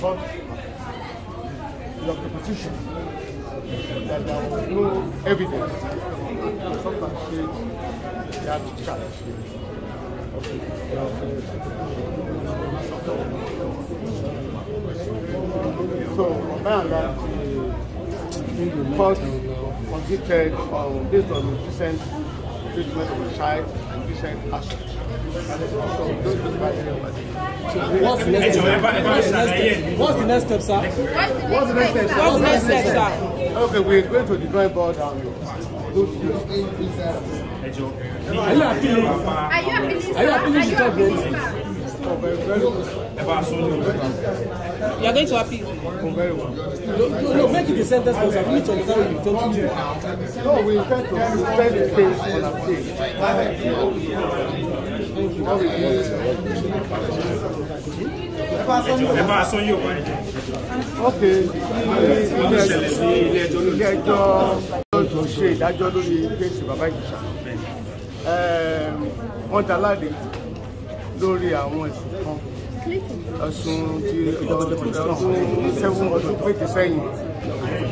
sought your proposition that there was no evidence to substantiate that So, now that the court convicted on uh, based on the recent treatment of child and decent assets. What's the next step? What's the next step, sir? What's the next step, sir? What's the next step, sir? Okay, we're going to the drawing board and look inside. Are you appealing? Are you appealing, sir? Are you appealing? You are going to appeal. Oh, very well. No, no, no, make it a sentence because I need to understand what you talk to. No, we intend to spend the case on appeal. Ẹ bá a sọ yóò wá ẹ̀jẹ̀. Ok, ní ilé ẹjọ́ ilé ẹjọ́ tó ṣe ìdájọ́ lórí lórí àwọn ẹ̀sùn kan ẹ̀sùn ti ọdún sẹ́fún ọdún péjì sẹ́yìn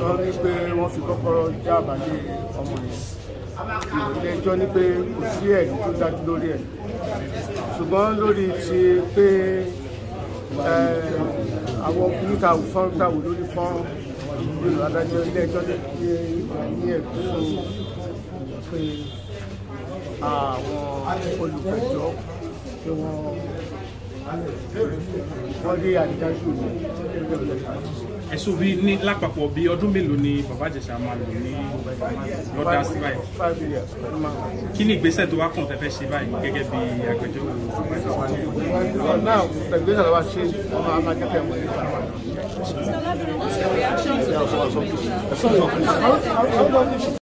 wọ́n ní pé wọ́n fi kọ́kọ́rọ́ já àbálẹ̀ ọmọ yẹn ilé ẹjọ́ ní pé kò sí ẹ̀rí tó dájú lórí ẹ̀ ṣùgbọ́n lórí ti pé àwọn ọkùnrin ta wù fọ́n ta wù lórí fọ́n nínú adájọ́ ilé ẹjọ́ ní ẹ̀rí fún pé àwọn olùpẹ̀jọ́ tí wọ́n rí àdìjá ṣù ní. ẹ̀sùn bíi ní lápapọ̀ bíi ọdún mélòó ni bàbá Ìjẹ̀ṣà máa lò ní lọ́dà sí báyìí kí ni ìgbésẹ̀ tó wá kàn tẹ́ fẹ́ ṣe báyìí gẹ́gẹ́ bí agbẹjọ́rò bàbá Ìjẹ̀ṣà. náà ìgbésẹ̀ tó wá ṣe ọmọ amákẹ́kẹ́ mọ́ Mr.